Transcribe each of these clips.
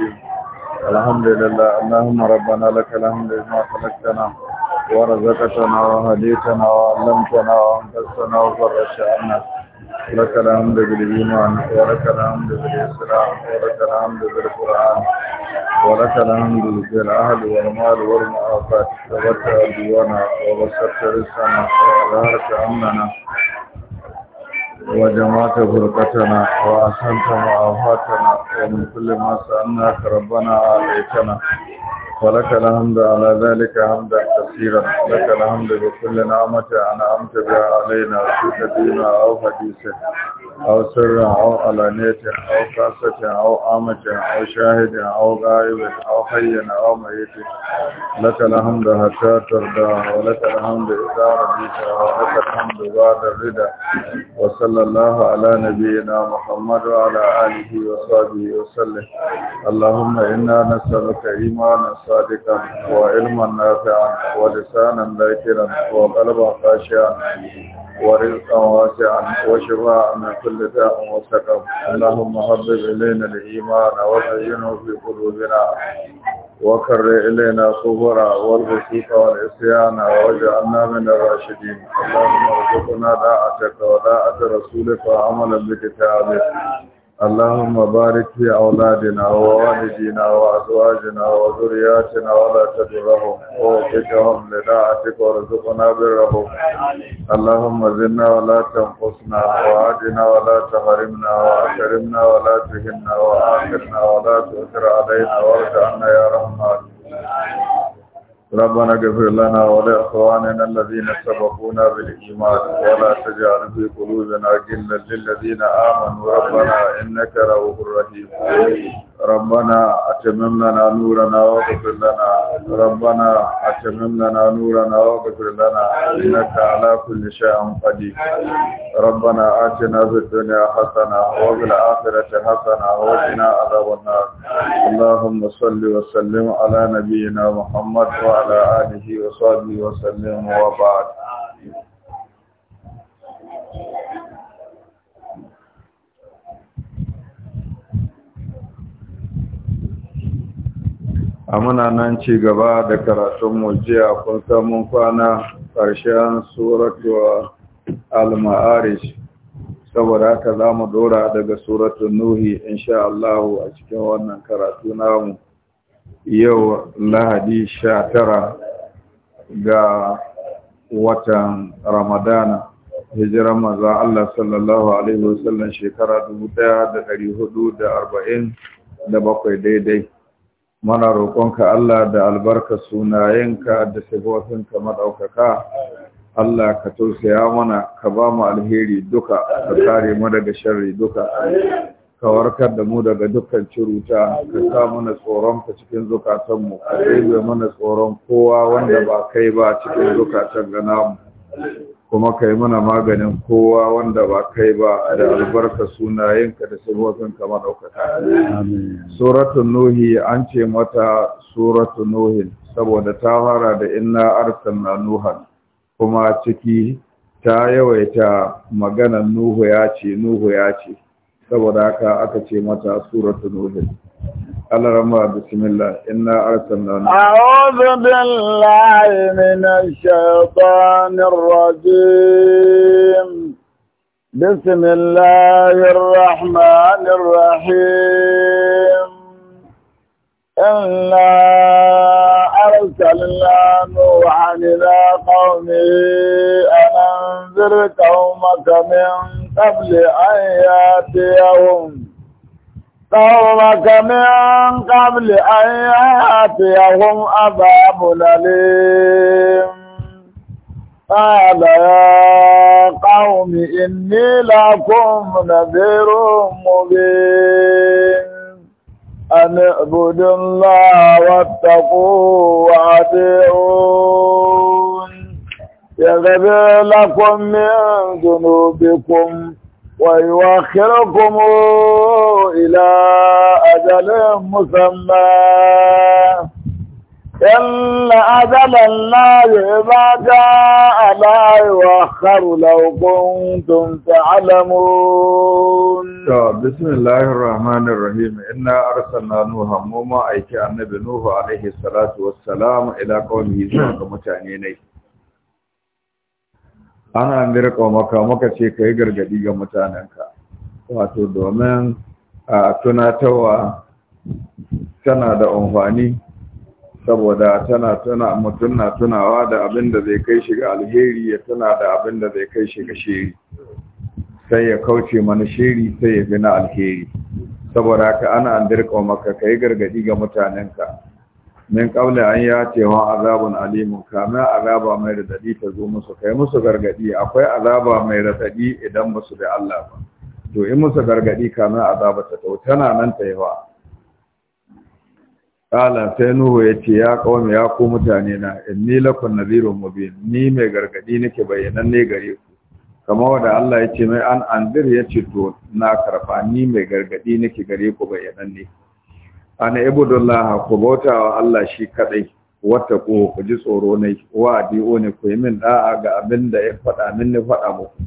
الرجيم الحمد لله اللهم ربنا لك الحمد لما خلقتنا ورزقتنا وهديتنا وعلمتنا وانقذتنا وفرجت عنا لك الحمد بالإيمان ولك الحمد بالإسلام ولك الحمد بالقرآن ولك الحمد بالأهل والمال والمعافاة ثبت أدوانا وبسطت رزقنا وأظهرت أمننا وجمعت فرقتنا وأحسنت معافاتنا ومن كل ما سألناك ربنا عليكنا ولك الحمد على ذلك حمدا كثيرا لك الحمد بكل نعمة أنعمت بها علينا في دينا أو حديثه أو سر أو علانية أو خاصة أو عامة أو شاهد أو غائب أو حي أو ميت لك الحمد حتى ترضى ولك الحمد إذا رضيت ولك الحمد بعد الرضا وصلى الله على نبينا محمد وعلى آله وصحبه وسلم اللهم إنا نسألك إيمانا صادقا وعلما نافعا ولسانا ذاكرا وقلبا خاشعا ورزقا واسعا وشفاء من كل داء وسقم اللهم هرب إلينا الإيمان وزينه في قلوبنا وكر إلينا الكفر والفسوق والعصيان واجعلنا من الراشدين اللهم ارزقنا طاعتك وطاعة رسولك وعملا بكتابك اللهم بارك في أولادنا ووالدينا وأزواجنا وذرياتنا ولا تدرهم ووفقهم لداعتك وارزقنا برهم اللهم زدنا ولا تنقصنا وعدنا ولا تحرمنا وأكرمنا ولا تهنا وآخرنا ولا تؤثر علينا وارجعنا يا رحمن ربنا اغفر لنا ولإخواننا الذين سبقونا بالإيمان ولا تجعل في قلوبنا غلا للذين آمنوا ربنا إنك رؤوف رحيم ربنا أتمم لنا نورنا واغفر لنا ربنا أتمم لنا نورنا واغفر لنا إنك على كل شيء قدير ربنا آتنا في الدنيا حسنة وفي الآخرة حسنة وقنا عذاب النار اللهم صل وسلم على نبينا محمد وعلى وعلى آله وصحبه وسلم وبعد muna nan ci gaba da karatun mujiya kun san mun kwana karshen suratu al-ma'arij saboda haka zamu mu daga suratu nuhi insha Allah a cikin wannan karatu namu yau lahadi sha tara ga watan ramadana hijiran maza Allah sallallahu Alaihi wasallam shekara bakwai daidai mana roƙonka Allah da albarka sunayenka da sifofinka maɗaukaka Allah ka tausaya mana ka ba mu alheri duka ka kare mu daga sharri duka ka warkar da mu daga dukkan ciruta ka sa mana tsoron ka cikin zukatanmu ka rage mana tsoron kowa wanda ba kai ba cikin zukatan ga namu kuma ka yi mana maganin kowa wanda ba kai ba da albarka sunayenka da sirwakan kama ɗaukaka suratun nuhi an ce mata suratun nuhi saboda ta fara da inna arsalna nuhan kuma ciki ta yawaita maganan nuhu ya ce nuhu ya ce saboda haka aka ce mata suratul nuhin Allah rama bismillah inna arsalna a'udhu billahi minash shaitanir rajim بسم الله الرحمن الرحيم إنا أرسلنا نوحا إلى قومه أن أنذر قومك من kabule aya te awon tawa kame an kabule aya a awon ababulale ala ya qaumi inni lakum nadhirum mubin an ibudu allaha wattaqu wa atiun يغفر لكم من ذنوبكم ويؤخركم إلى أجل مسمى إن أجل الله إذا جاء لا يؤخر لو كنتم تعلمون بسم الله الرحمن الرحيم إنا أرسلنا نوحا موما أيك النبي نوح عليه الصلاة والسلام إلى قومه سبحانه متعنيني ana mirka maka maka ce ka yi gargadi ga mutanenka wato domin a tunatawa tana da amfani saboda tana tuna mutum na tunawa da abin da zai kai shi alheri ya tuna da abin da zai kai shiga shiri sai ya kauce mana shiri sai ya bi na alheri saboda haka ana andirka maka ka yi gargadi ga mutanenka min qabla an yati wa azabun alimun kamin azaba mai radadi ta zo musu kai musu gargadi akwai azaba mai radadi idan musu da Allah ba to in musu gargadi kama azaba ta to tana nan ta yawa qala sai nuhu ce ya kawai ya ku mutane na inni lakum nadhirun mubin ni mai gargadi nake bayyananne gare ku kama wanda Allah ya ce mai an andir yace to na karfa ni mai gargadi nake gare ku bayyananne ana ibudullaha, ku bauta wa Allah shi kadai wata ku ku ji tsoro ne wa adi'o ne ku yi min da'a ga abin da ya faɗa min ne faɗa muku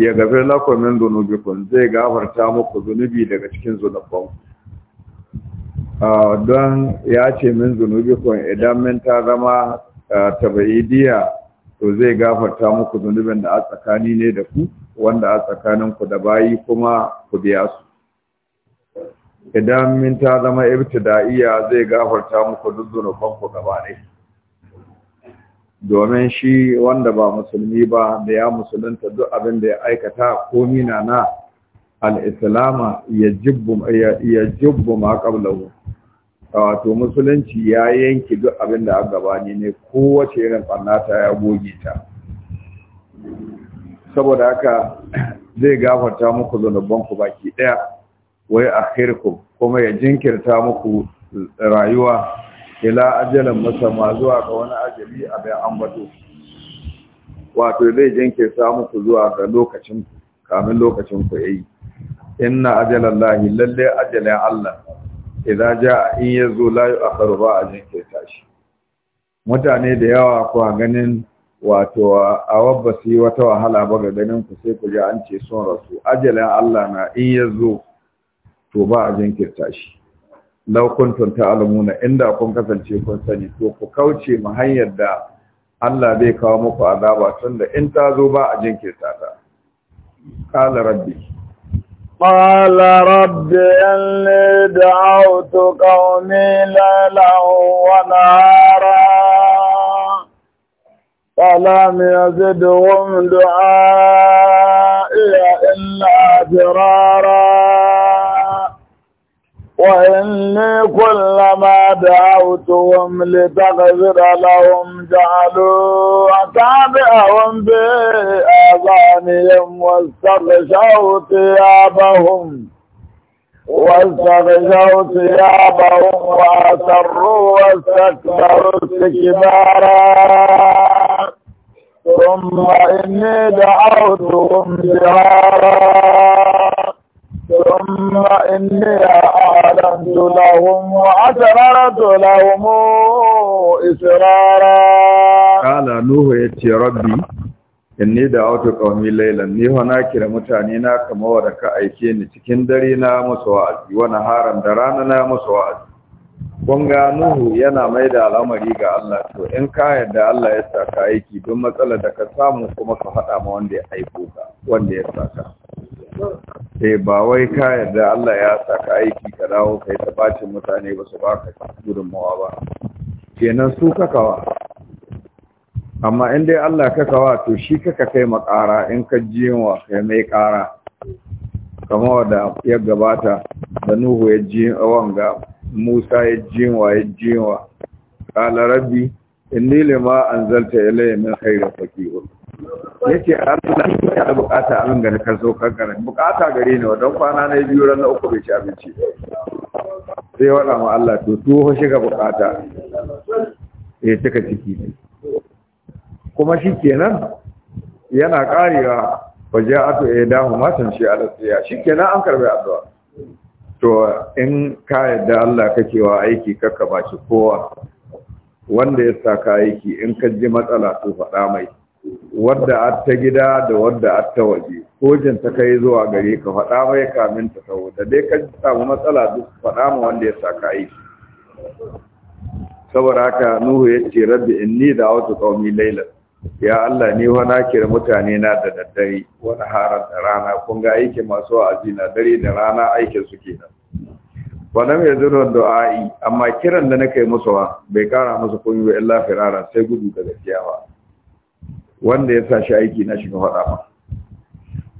ya gafe lakum min kun zai gafarta muku zunubi daga cikin zunubanku don ya ce min kun idan min ta zama tabaidiya to zai gafarta muku zunubin da a tsakani ne da ku wanda a tsakaninku da bayi kuma ku biya su idan min ta zama ibtida'iya zai gafarta muku duk zunubanku gaba ne. domin shi wanda ba musulmi ba da ya musulunta duk abin da ya aikata ko na na al'islama ya jibbu ma ƙablahu wato musulunci ya yanki duk abin da aka gabani ne kowace irin ɓannata ya goge ta saboda haka zai gafarta muku zunubanku baki ɗaya wai akhirkum kuma ya jinkirta muku rayuwa ila ajalan musamma zuwa ga wani ajali a bai ambato wato zai jinkirta muku zuwa ga lokacin kamin lokacin ku yayi inna lahi, lalle ajalin Allah idza jaa in yazo la yu'akhiru ba a jinkirta shi mutane da yawa ku ganin wato a wabba yi wata wahala ba ga ganin ku sai ku ji an ce son rasu ajalin Allah na in yazo to ba a jinkirta shi law kuntum ta'lamuna inda kun kasance kun sani to ku kauce mu hanyar da Allah zai kawo muku azaba tunda in ta zo ba a jinkirta ta qala rabbi rabbi قال رب أني دعوت قومي ليلا ونهارا فلم يزدهم دعائي إلا فرارا وإني كلما دعوتهم لتغفر لهم جعلوا أتابعهم بآذانهم واستغشوا ثيابهم واستغشوا ثيابهم وأسروا واستكبروا استكبارا ثم إني دعوتهم جهارا ثم إني أعلنت لهم وأسررت لهم إسرارا قال نوح يتي ربي inni da auto kaumi lailan ni hana kira mutane na kama wadda ka aike ni cikin dare na musu wa'azi wani haram da rana na musu wa'azi kun ga Nuhu yana mai da al'amari ga Allah to in ka yarda Allah ya saka aiki don matsalar da ka samu kuma ka faɗa ma wanda ya aiko ka wanda ya saka sai eh, ba wai ka yarda Allah ya saka aiki ka dawo kai ta bacin mutane ba su ba baka mawa ba kenan su kakawa amma in dai Allah kakawa to shi kaka kai makara in ka jiwa kai mai kara kamar da ya gabata da Nuhu ya ji wanga Musa ya jinwa ya jinwa kala rabbi inni lima anzalta ilayya min khairin faqir yace Allah ya da bukata abin ga ka zo ka gare bukata gare ne wadan kwana na biyu ran uku bai ci abinci sai wada ma Allah to tuho shiga bukata eh take ciki kuma shi yana karewa waje ato ya damu matan shi a lafiya shi kenan an karbi addu'a to in ka yadda Allah kake wa aiki kaka ba shi kowa wanda ya saka aiki in ka ji matsala to faɗa mai wadda a ta gida da wadda a ta waje kojin ta kai zuwa gare ka faɗa mai kamin ta da dai ka samu matsala duk faɗa ma wanda ya ka aiki saboda haka nuhu ya ce rabbi ni da wata ƙaumi lailas ya Allah ni wa nakira mutane na da daddare wani harar da rana kun ga aiki masu wa'azi na dare da rana aikin su nan wannan ya zura du'a'i amma kiran da nake musu wa bai kara musu komai ba illa firara sai gudu ga gaskiya ba wanda ya sa shi aiki na shiga faɗa ma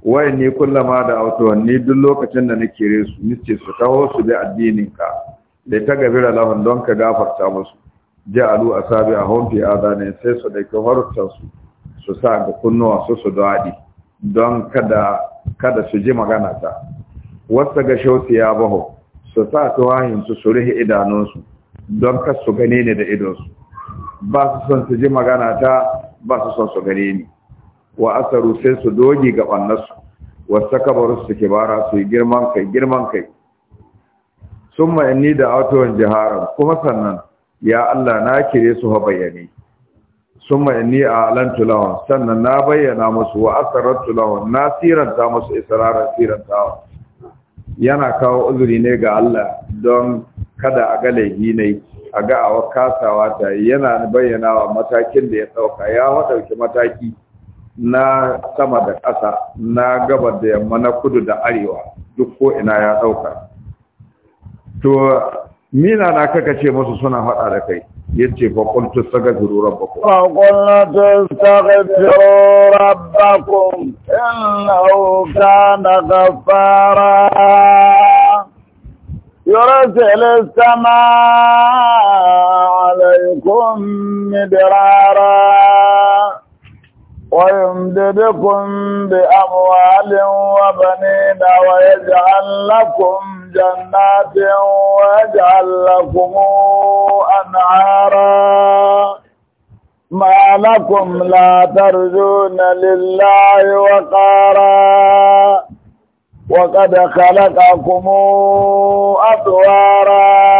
wai ni kullama da autuwan ni duk lokacin da nake resu ce su kawo su bi addinin ka da ta gabira lahun don ka gafarta musu ja'alu asabi'ahum fi adani sai su dake harutan su su sa ga kunnuwa su su dadi don kada kada su ji magana ta wasa ga shauti ya baho su sa tuwahin su su rihi idanun su don kas su gane ne da idon su ba su son su ji magana ta ba su son su gane ni wa asaru sai su dogi ga bannasu wasta kabaru su kibara su girman kai girman kai summa inni da autawan jiharan kuma sannan ya Allah na kire su ha bayani summa inni a'lantu lahum sannan na bayyana musu wa asrartu lahum na siranta musu israrar ta yana kawo uzuri ne ga Allah don kada a ga laifi ne a ga a wakasawa ta yana bayyana wa matakin da ya ɗauka, ya wadauki mataki na sama da ƙasa na gaba da yamma na kudu da arewa duk ko ina ya ɗauka. to mina na kaka ce masu suna faɗa da kai yace fa qul tastaghfiru rabbakum fa qul tastaghfiru rabbakum innahu kana ghaffara يرسل السماء عليكم مدرارا ويمددكم بأموال وبنين ويجعل لكم جنات واجعل لكم أنعارا ما لكم لا ترجون لله وقارا وقد خلقكم أطوارا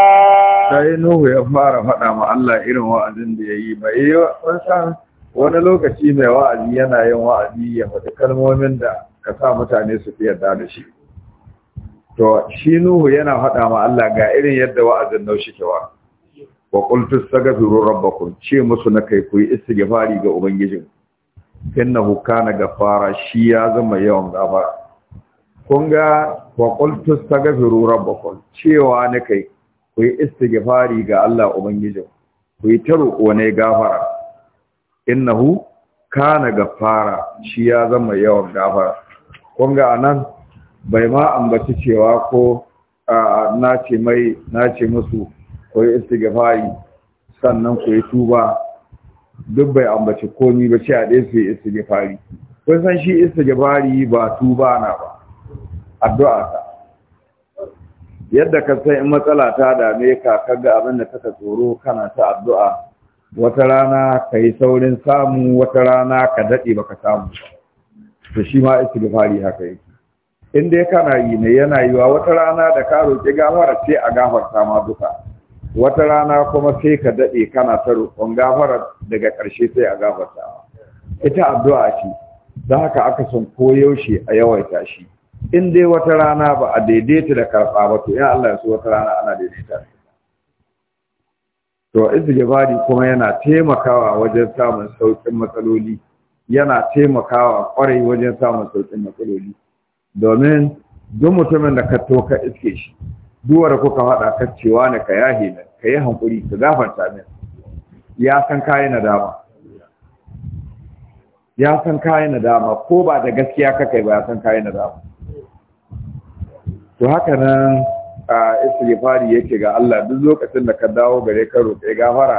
sai Nuhu ya fara faɗa ma Allah irin wa'azin da ya yi ba yi eh, wani lokaci mai wa'azi yana yin wa'azi ya faɗi kalmomin da ka sa mutane su fi yarda da shi. to shi nuhu yana faɗa ma Allah ga irin yadda wa'azin nau ke wa qultu astaghfiru rabbakum ce musu na kai ku yi istighfari ga ubangijin innahu kana gafara shi ya zama yawan gafara kun ga wa qultu astaghfiru rabbakum cewa na kai ku yi istighfari ga Allah ubangijin ku yi ta roƙo gafara innahu kana gafara shi ya zama yawan gafara kun ga anan bai ma ambaci cewa ko na ce mai na ce musu ko yi istighfari sannan ku yi tuba duk bai ambaci komi ba ce a ɗaya su yi istighfari kun san shi istighfari ba tuba na ba addu'a ta yadda ka san in matsala ta dame ka ga abin da kaka tsoro kana ta addu'a wata rana ka yi saurin samu wata rana ka daɗe ka samu to shi ma haka yake in dai kana yi ne yana yiwa wata rana da ka roƙi gafara sai a gafarta ma duka wata rana kuma sai ka daɗe kana ta roƙon gafara daga ƙarshe sai a gafarta ma ita addu'a ce don haka aka son yaushe a yawaita shi in dai wata rana ba a daidaita da karɓa ba to in Allah ya so wata rana ana daidaita to izgibari kuma yana taimakawa wajen samun sauƙin matsaloli yana taimakawa ƙwarai wajen samun sauƙin matsaloli domin duk mutumin da ka to iske shi duwar kuka faɗa ka cewa ne ka yahi ne ka yi hankuri ka gafarta min ya san kayi nadama ya san kayi nadama ko ba da gaskiya ka kai ba ya san kayi nadama to haka nan a istighfari yake ga Allah duk lokacin da ka dawo gare ka roƙe gafara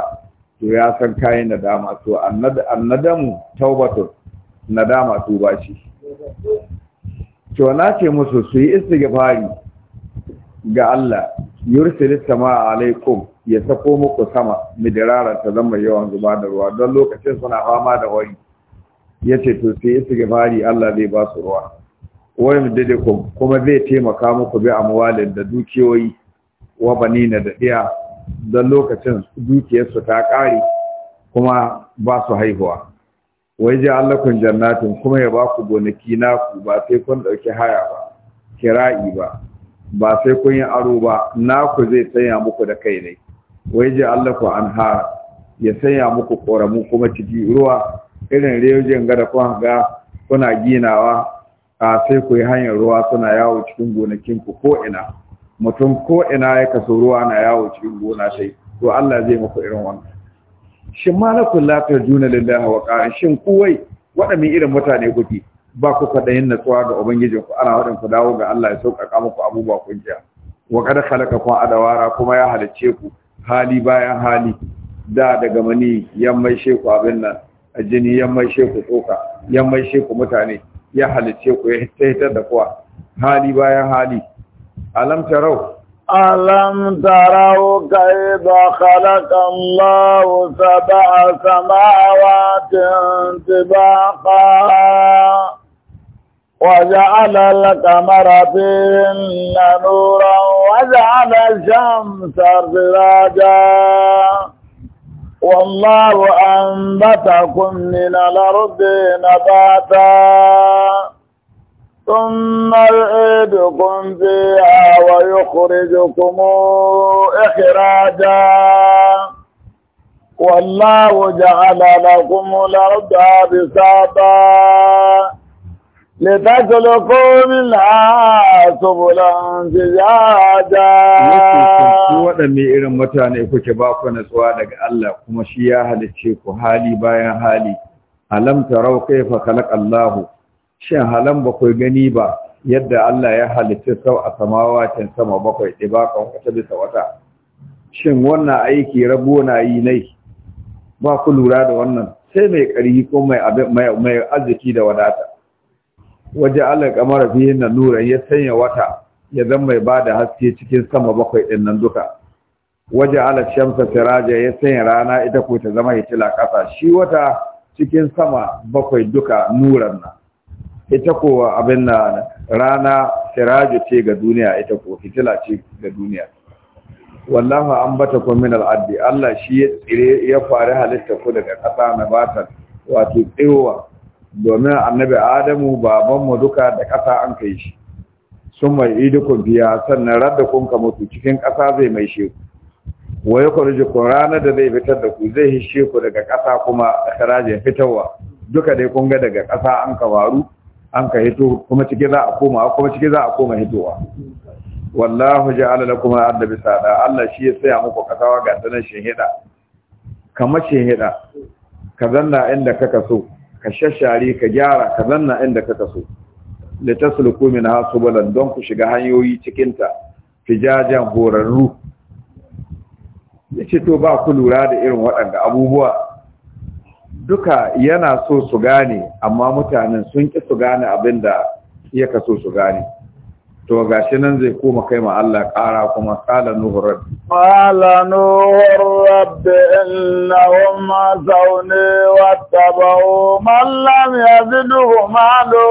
to ya san kayi nadama to annadamu tawbatu nadama tuba shi. Cewa ce musu su yi istighfari ga Allah yursilis sama alaikum ya sako muku sama midirara ta zama yawan zuba da ruwa don lokacin suna fama da wari ya ce to sai istighfari Allah zai ba su ruwa wayan dadikum kuma zai taimaka muku bi amwalin da dukiyoyi wa na da ɗiya don lokacin dukiyarsu ta ƙare kuma ba su haihuwa wai ji allakun jannatin kuma ya ba ku gonaki naku ba sai kun ɗauki haya ba kira'i ba ba sai kun yi aro ba naku zai sanya muku da kai ne wai ji allaku an ya sanya muku ƙoramu kuma ciki ruwa irin rejin gada kun ga kuna ginawa a sai ku yi hanyar ruwa suna yawo cikin gonakinku ko ina mutum ko ina ya kaso ruwa na yawo cikin gona sai to Allah zai muku irin wannan shin ma na kula ta juna lillahi wa qara shin kuwai mai irin mutane kuke ba ku kwadayin natsuwa ga ubangijin ku ana wadan ku dawo ga Allah ya sauƙaƙa muku abubuwa kun jiya wa qad khalaqakum adawara kuma ya halice ku hali bayan hali da daga mani yan maishe ku abin nan a jini yan maishe ku tsoka yan maishe ku mutane ya halice ku ya tsaitar da kuwa hali bayan hali alam tarau ألم تروا كيف خلق الله سبع سماوات طباقا وجعل القمر فيهن نورا وجعل الشمس سراجا والله أنبتكم من الأرض نباتا ثم يعيدكم فيها ويخرجكم إخراجا والله جعل لكم الأرض بساطا لتسلكوا منها سبلا سجاجا waɗanne irin mutane kuke baku ku natsuwa daga Allah kuma shi ya halicce ku hali bayan hali alam kaifa khalaqa Allahu shin halan ba gani ba yadda Allah ya halitta sau a samawacin sama bakwai ɗibaƙon wata bisa wata shin wannan aiki rabo na yi nai ba ku lura da wannan sai mai ƙarfi ko mai arziki da wadata waje Allah kamar fiye na nura ya sanya wata ya zan mai ba da haske cikin sama bakwai ɗin nan duka waje Allah shamsa siraja ya sanya rana ita ko ta zama hitila ƙasa shi wata cikin sama bakwai duka nuran nan ita kowa abin na rana siraju ce ga duniya ita ko fitila ce ga duniya wallahu an bata kun min al'addi Allah shi ya tsire ya fari halitta ku daga ƙasa na bata wato tsiwa domin annabi adamu babanmu duka da ƙasa an kai shi sun mai idukun biya sannan radda kun ka mutu cikin ƙasa zai mai sheku wa ya kwarji ku da zai fitar da ku zai hishe ku daga kasa kuma a sarajin fitowa duka dai kun ga daga kasa an ka faru an ka hito kuma cike za a koma kuma cike za a koma hitowa wallahu ja'ala lakum al-ardha bisada Allah shi ya saya muku kasawa ga tanan shehida kamar shehida ka zanna inda kaka so ka shashare ka gyara ka zanna inda kaka so tasluku minha subulan don ku shiga hanyoyi cikin ta fijajan horarru yace to ba ku lura da irin waɗanda abubuwa duka yana so su gane amma mutanen sun ƙi su gane abin da ya kaso su gane to ga shi nan zai koma kai ma Allah ƙara kuma ƙala nuhu rabbi ƙala nuhu rabbi innahum azawni wattaba'u man lam yazidhu malu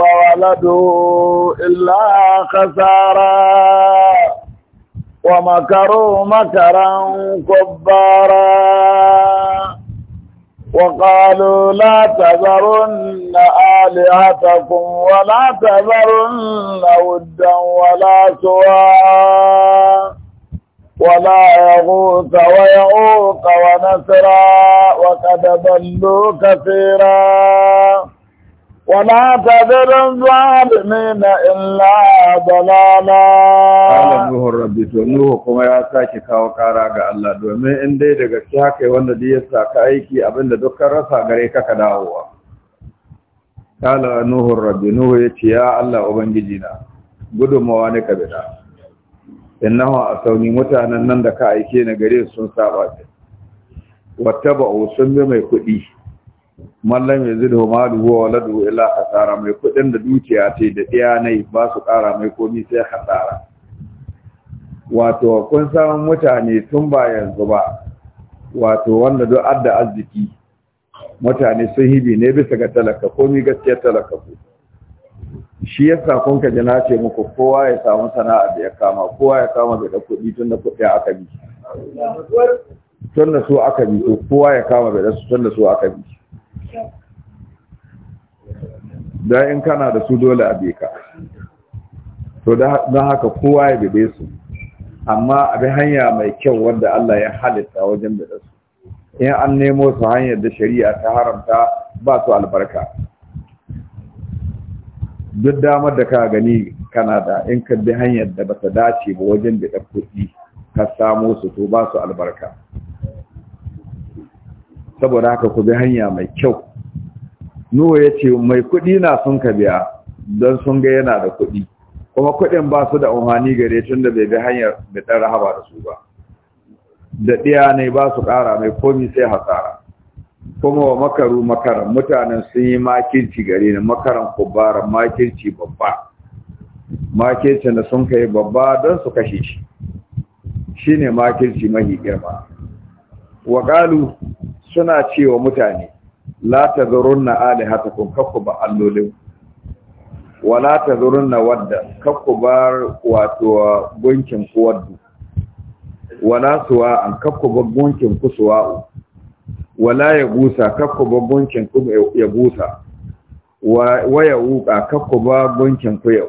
wa waladu illa kasara. wa makaru makaran kubbara وقالوا لا تذرن آلهتكم ولا تذرن ودا ولا سواء ولا يغوث ويعوق ونسرا وقد ضلوا كثيرا ولا تذر الظالمين إلا ضلالا قال نوح ربي تو نوح كما يا ساكي كاو كارا ga Allah domin in dai daga gaske haka wanda da ya ka aiki abinda dukkan rasa gare ka ka nuhun kala nuhu rabbi nuhu yace ya Allah ubangiji na gudumawa ne ka bida innahu asauni mutanen nan da ka aike ni gare su sun saba ta wattaba'u sun bi mai kuɗi mallam ya zidu malu huwa waladu illa hasara mai kudin da dukiya ce da iya nai ba su ƙara mai komi sai hasara wato kun san mutane tun ba yanzu ba wato wanda duk adda arziki mutane sun hibi ne bisa ga talaka komi gaskiya talaka ku shi yasa kun ka ji ce muku kowa ya samu sana'a da ya kama kowa ya kama da kuɗi tun da kuɗi aka bi tun da su aka bi kowa ya kama da su tun da su aka bi da in kana da su dole a beka to don haka kowa ya bebe su amma abi hanya mai kyau wanda Allah ya halitta wajen da su in an nemo su hanyar da shari'a ta haramta ba su albarka duk damar da ka gani kana da in ka bi hanyar da bata dace ba wajen da kuɗi ka samo su to ba su albarka saboda haka ku bi hanya mai kyau nuhu ya ce mai kuɗi na sun ka biya don sun ga yana da kuɗi kuma kuɗin ba su da umarni gare tun da bai bi hanyar da ɗan rahaba da su ba da ɗiya ne ba su ƙara mai komi sai hasara kuma wa makaru makaran mutanen sun yi makirci gare ni makaran kubaran makirci babba makircin da sun kai babba don su kashe shi shine makirci mahi girma wa suna cewa mutane la tazurunna alihatakum kakuba allolin wadda wato gunkin kuwaddu an gunkin kusuwa'u ya gusa gunkin ya gusa wa ya gunkin ku ya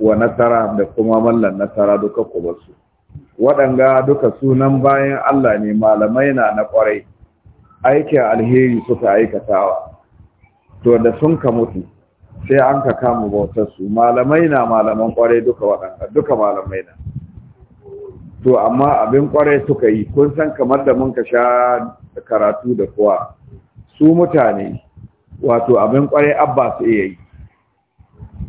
wa nasara da kuma mallan nasara duka waɗanga sunan bayan Allah ne malamai na na ƙwarai a alheri suka aikatawa to da sun ka mutu sai an ka kama bautar su malamai na malaman kwarai duka waɗanda duka malamai na to amma abin kwarai suka yi kun san kamar da mun ka sha karatu da kuwa su mutane wato abin kwarai abba su iya yi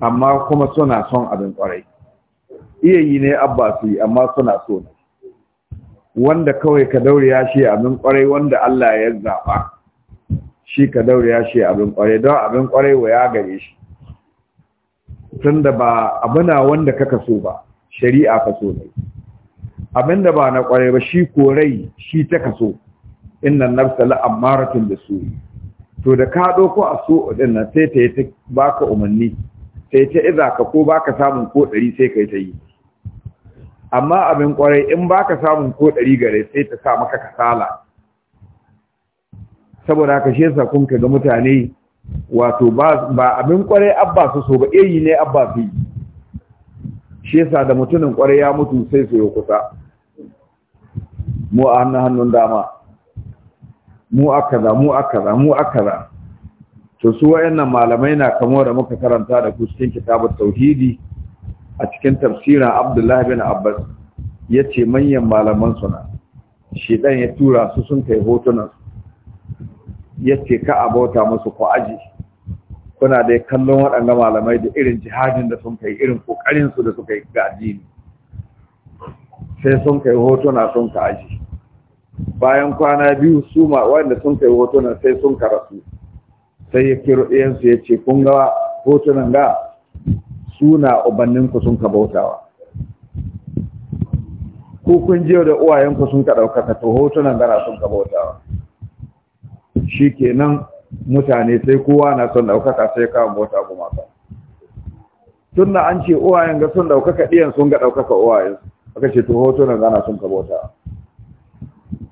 amma kuma suna son abin kwarai iya yi ne abba su yi amma suna so ne wanda kawai ka daure ya shi abin kwarai wanda Allah ya zaɓa shi ka daure ya shi abin kwarai don abin kwarai wa ya gare shi tunda ba abina wanda kaka so ba shari'a ka so ne abin da ba na kwarai ba shi korai shi ta kaso innan nafsa la'ammaratun da su to da ka ɗauko a so din nan sai ta yi ta baka umarni sai ta iza ka ko baka samun ko ɗari sai ka yi ta yi amma abin kwarai in ba ka samun ko ɗari gare sai ta sa maka kasala saboda haka shi yasa kun ga mutane wato ba abin kwarai abba su so ba iri ne abba su yi shi yasa da mutumin kwarai ya mutu sai su yi kusa mu a hannun hannun dama mu kaza. mu kaza. mu kaza. to su wayannan malamai na kamo da muka karanta da ku cikin kitabut tauhidi a cikin tafsirin abdullahi bin abbas ya ce manyan malaman suna shidan ya tura su sun kai hotunan ya ce ka a bauta musu ko aji kuna da kallon waɗanda malamai da irin jihadin da sun kai irin ƙoƙarinsu da suka yi ga addini sai sun kai hotuna sun ka aji bayan kwana biyu su ma wanda sun kai hotuna sai sun ka rasu sai ya kiro su ya ce kun ga hotunan ga suna ubanninku sun ka bautawa ku kun jiyo da uwayenku sun ka ɗaukaka to hotunan gara sun ka bautawa shi kenan mutane sai kowa na son ɗaukaka sai kawo bauta gumaka tun da an ce uwayen ga sun ɗaukaka ɗiyan sun ga ɗaukaka uwayen aka ce to hotunan gana sun ka bautawa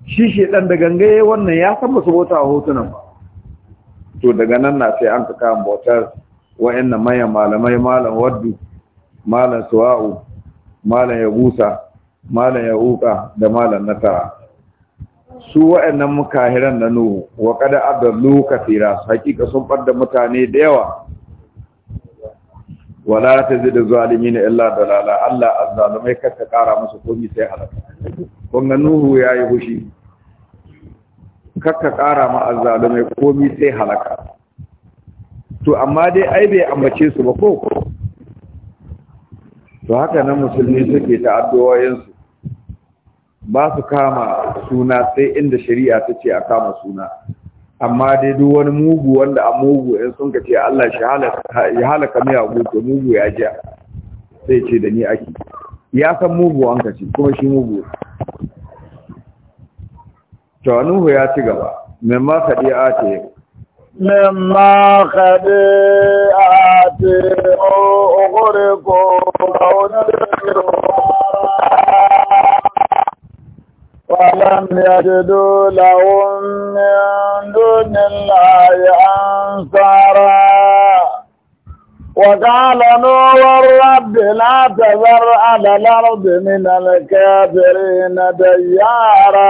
shi shi ɗan da gangaye wannan ya san ba su bauta hotunan ba to daga nan na sai an ka kawo bautar wa'annan mayan malamai malam waddu malam suwa'u malam yabusa malam yahuka da malam nasara su wa'annan mukahiran na nuhu wa kada adallu kafira hakika sun fadda mutane da yawa wala tazidu zalimin illa dalala Allah azzalumai ka kara musu komi sai halaka kun ga nuhu yayi hushi ka kara ma azzalumai komi sai halaka to amma dai ai bai ambace su ba ko to haka nan musulmi suke ta addu'o'insu ba su kama suna sai inda shari'a ta ce a kama suna amma dai duk wani mugu wanda a mugu in sun ka ce Allah shi ya halaka mai abu to mugu ya ji sai ce da ni ake ya san mugu an ka ce kuma shi mugu to nuhu ya ci gaba mai ma kadi a ce مما خبيئاتي أغرقوا ولم يجدوا لهم من دون الله أنصارا وقال نور رب لا تذر على الأرض من الكافرين ديارا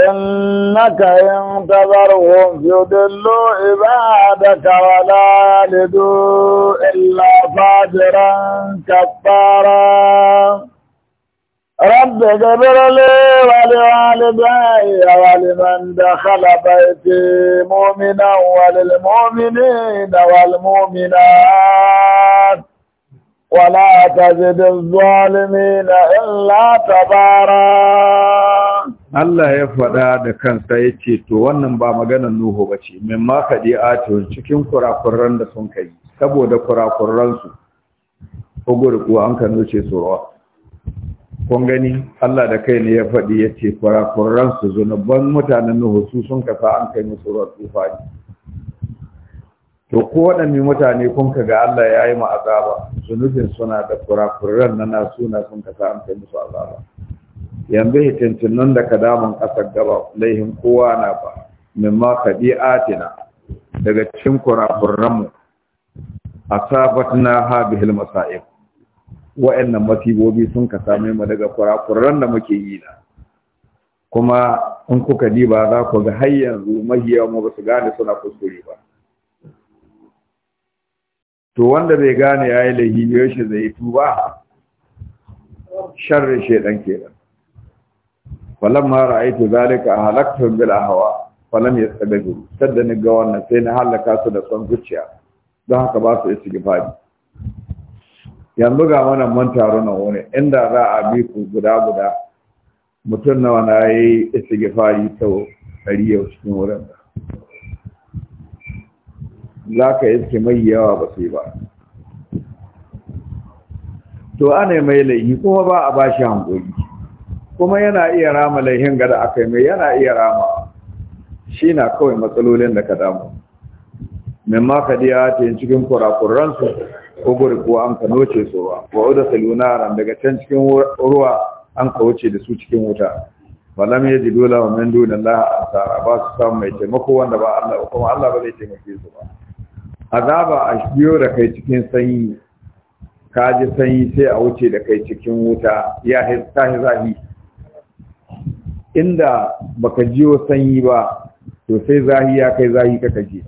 إنك ينتظرهم يدلوا عبادك ولا يلدوا إلا فاجرا كفارا رب اغفر لي ولوالدي ولمن دخل بيتي مؤمنا وللمؤمنين والمؤمنات ولا تجد الظالمين إلا تبارا Allah ya faɗa da kansa ya ce, To, wannan ba maganar Nuhu ba ce, min ma a atihun cikin kurakurran da sun kai, saboda kurakurransu, ko an kano ce tsoro. Kun gani, Allah da kai ne ya faɗi ya ce, Kurakurransu zunuban mutanen Nuhu su sun kasa an kai musu ruwan To, ko waɗanne mutane kun ka ga Allah ya yi ma azaba, zunubin suna da kurakurran na suna sun kasa an kai musu azaba. yanzu hitintunan da kadaman kasar gaba laihin kowa na ba mimma atina. daga cikin A Sabat na habihil masa'ib wa'annan masibobi sun ka same mu daga kurakurran da muke yi na kuma in kuka ba za ku ga har yanzu mahiya mu ba su gane suna kuskure ba to wanda zai gane yayi lahi yaushe zai tuba sharri shedan kenan falamma ra'aytu zalika halaktu bil ahwa falam yastaghiru sadda na ga wannan sai na halaka su da son zuciya don haka ba su istighfari yanzu ga mana mun taro na wani inda za a bi ku guda guda mutum nawa na yi istighfari sau ɗari yau cikin wurin za ka iske mai yawa ba sai ba to ana mai laifi kuma ba a bashi hankali kuma yana iya rama laihin gada aka mai yana iya rama shi na kawai matsalolin da ka damu Mai maka ka diya ta cikin kurakuransu ko guri ko an ka noce su ba wa uda salunaran daga can cikin ruwa an ka wuce da su cikin wuta walam ya ji dole wa min duna Allah asara ba su samu mai taimako wanda ba Allah kuma Allah ba zai taimake su ba azaba a biyo da kai cikin sanyi ka ji sanyi sai a wuce da kai cikin wuta ya ta zahi inda baka jiyo sanyi ba to sai zahi ya kai zahi kaka ji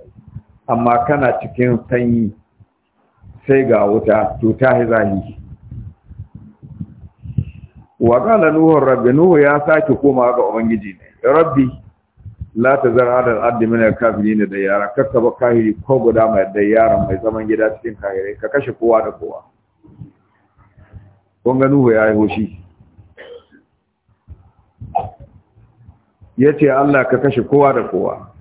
amma kana cikin sanyi sai ga wuta to ta yi zahi wa kana nuhu rabbi nuhu ya sake koma ga ubangiji ne rabbi la ta ala da ardi min al-kafirin da yara kaka ba kahiri ko guda mai da yaran mai zaman gida cikin kahirai ka kashe kowa da kowa kun ga nuhu ya yi hoshi ya ce Allah ka kashe kowa da kowa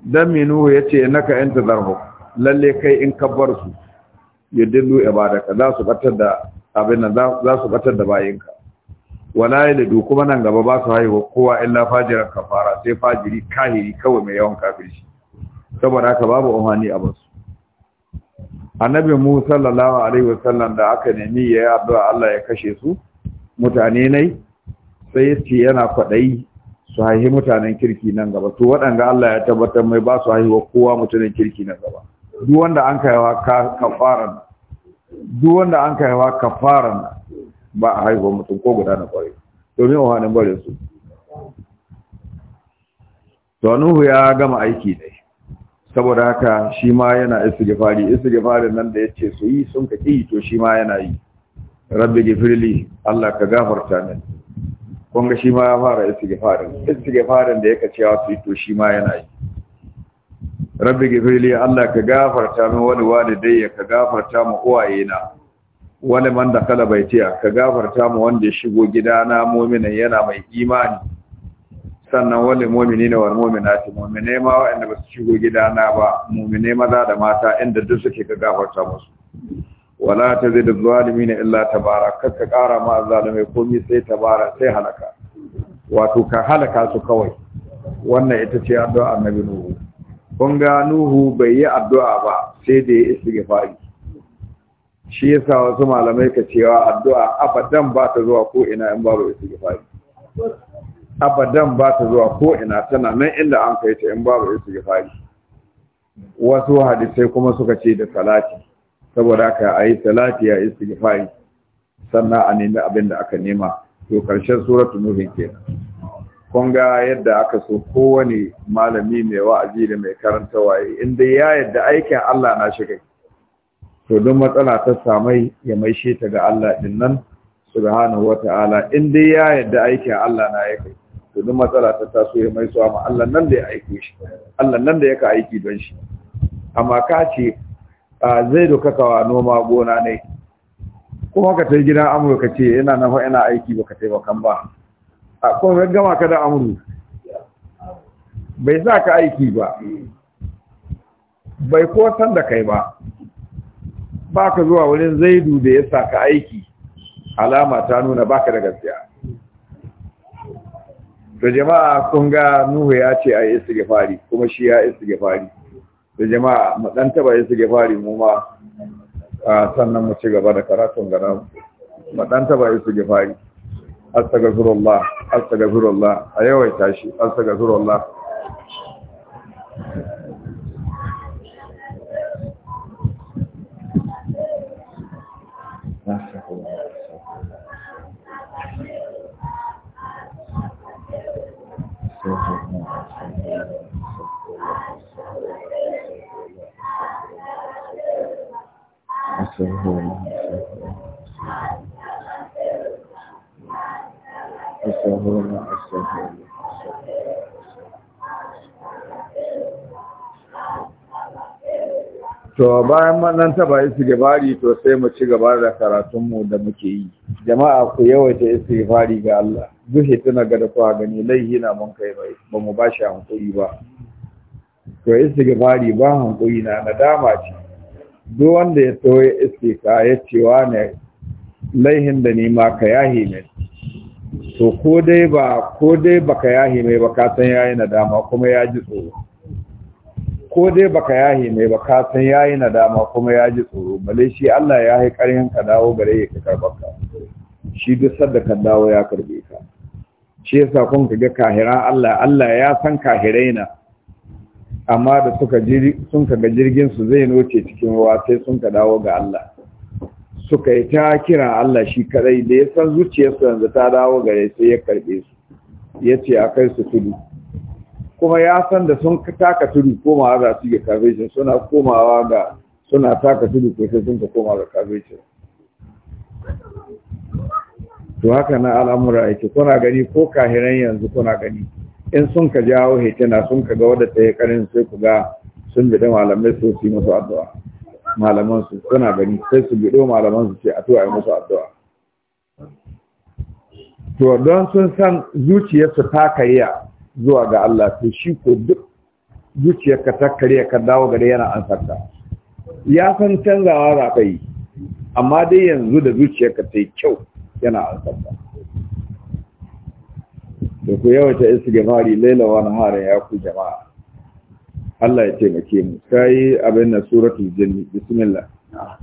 don minuhu ya ce naka yanta tazarhu lalle kai in kabbar su ya dillu ibadaka za su batar da abin nan za su batar da bayinka wala yalidu kuma nan gaba ba su haihuwa kowa illa ka kafara sai fajiri kahiri kawai mai yawan kafirci saboda haka babu umani a basu annabi mu sallallahu alaihi wasallam da aka nemi ya addu'a Allah ya kashe su mutane nai sai yace yana kwadayi su haihi mutanen kirki nan gaba to waɗanda Allah ya tabbatar mai ba su haihuwa kowa mutanen kirki nan gaba duk wanda an kaiwa kafaran duk wanda an kaiwa kafaran ba a haihuwa mutum ko guda na kwarai domin ohanin bare su to Nuhu ya gama aiki ne saboda haka shi ma yana istighfari istighfarin nan da yace su yi sun ka to shi ma yana yi rabbi gifirli Allah ka gafarta mini kun ga shi ma ya fara istighfarin istighfarin da yake cewa su to shi ma yana yi rabbi gifirli Allah ka gafarta min wani ya ka gafarta mu uwayena wani man da kala baitiya ka gafarta mu wanda ya shigo gidana mu'minin yana mai imani sannan wani mu'mini ne mu'mina mu'minati mu'mine ma wa'anda ba su shigo gidana ba mu'mine maza da mata inda duk suke ka gafarta musu wala tazid adh na illa tabara kakka kara ma zalimai komai sai tabara sai halaka wato ka halaka su kawai wannan ita ce addu'a annabi nuhu kun nuhu bai yi addu'a ba sai da ya istighfari shi yasa wasu malamai ka cewa addu'a abadan ba ta zuwa ko ina in babu istighfari abadan ba ta zuwa ko ina tana nan inda an kai ta in babu istighfari wasu hadisai kuma suka ce da salati saboda aka a yi salati a istighfari sannan a nemi abin da aka nema to karshen suratul nuhin kenan kun ga yadda aka so kowane malami mai wa'azi da mai karanta waye inda ya yadda aikin Allah na shiga to don matsala ta samai ya shi ta ga Allah din nan subhanahu wata'ala inda ya yadda aikin Allah na ya kai to don matsala ta taso ya maiso ma Allah nan da ya shi Allah nan da yaka aiki don shi amma ka ce zai wa noma gona ne kuma ka tai gidan ka ce ina nafa ina aiki baka tai ba a kuma gama ka da amuru bai sa ka aiki ba bai ko san da kai ba ba ka zuwa wurin zaidu da ya sa ka aiki alama ta nuna ba ka da gaskiya to jama'a kun ga nuhu ya ce a yi istighfari kuma shi ya istighfari da jama'a mu dan taba yin fari mu ma sannan mu ci gaba da karatun gara mu dan taba yin fari. astagfirullah astagfirullah a yawaita shi astagfirullah السهول السهول To bayan nan taba istighfari to sai mu ci gaba da karatunmu da muke yi. Jama'a ku yawaita istighfari ga Allah. Duhe tana ga da kowa gani laihi na mun kai bai ba mu bashi hankuri ba. To istighfari ba hankuri na nadama ce. duk wanda ya tawo iske ka ya cewa ne laihin da nima ka yahi ne. to ko dai ba ko dai baka yahi mai ba ka san yayi dama kuma ya ji tsoro ko dai ka yahi mai ba ka san yayi nadama kuma ya ji tsoro bale shi Allah ya yi ƙarhin ka dawo gare ya ka karɓar ka shi duk sadda ka dawo ya karbe ka shi yasa kun ga kahira Allah Allah ya san kahirai na amma da suka sun kaga jirgin su zai noce cikin ruwa sai sun ka dawo ga Allah suka yi ta kira Allah shi kadai da ya san zuciyarsu yanzu ta dawo gare sai ya karbe su ya ce a kai su tudu kuma ya san da sun taka tudu komawa za su ga kafircin suna komawa ga suna taka tudu ko sai sun ka koma ga kafircin to haka na al'amura yake kuna gani ko kahiran yanzu kuna gani in sun ka jawo hitina sun ka ga wadda ta yi karin sai ku ga sun biɗi malamai su yi musu addu'a malaman su suna gani sai su biɗo malaman su ce a tuwa yi musu addu'a to don sun san zuciyarsu ta kariya zuwa ga Allah to shi ko duk zuciyar ka ta kariya ka dawo gare yana an sarka ya san canzawa za ka yi amma dai yanzu da zuciyar ka ta yi kyau yana an sarka da ku yawaita istighfari laila wa nahara ya ku jama'a Allah ya taimake mu kai abin na suratul jinni bismillah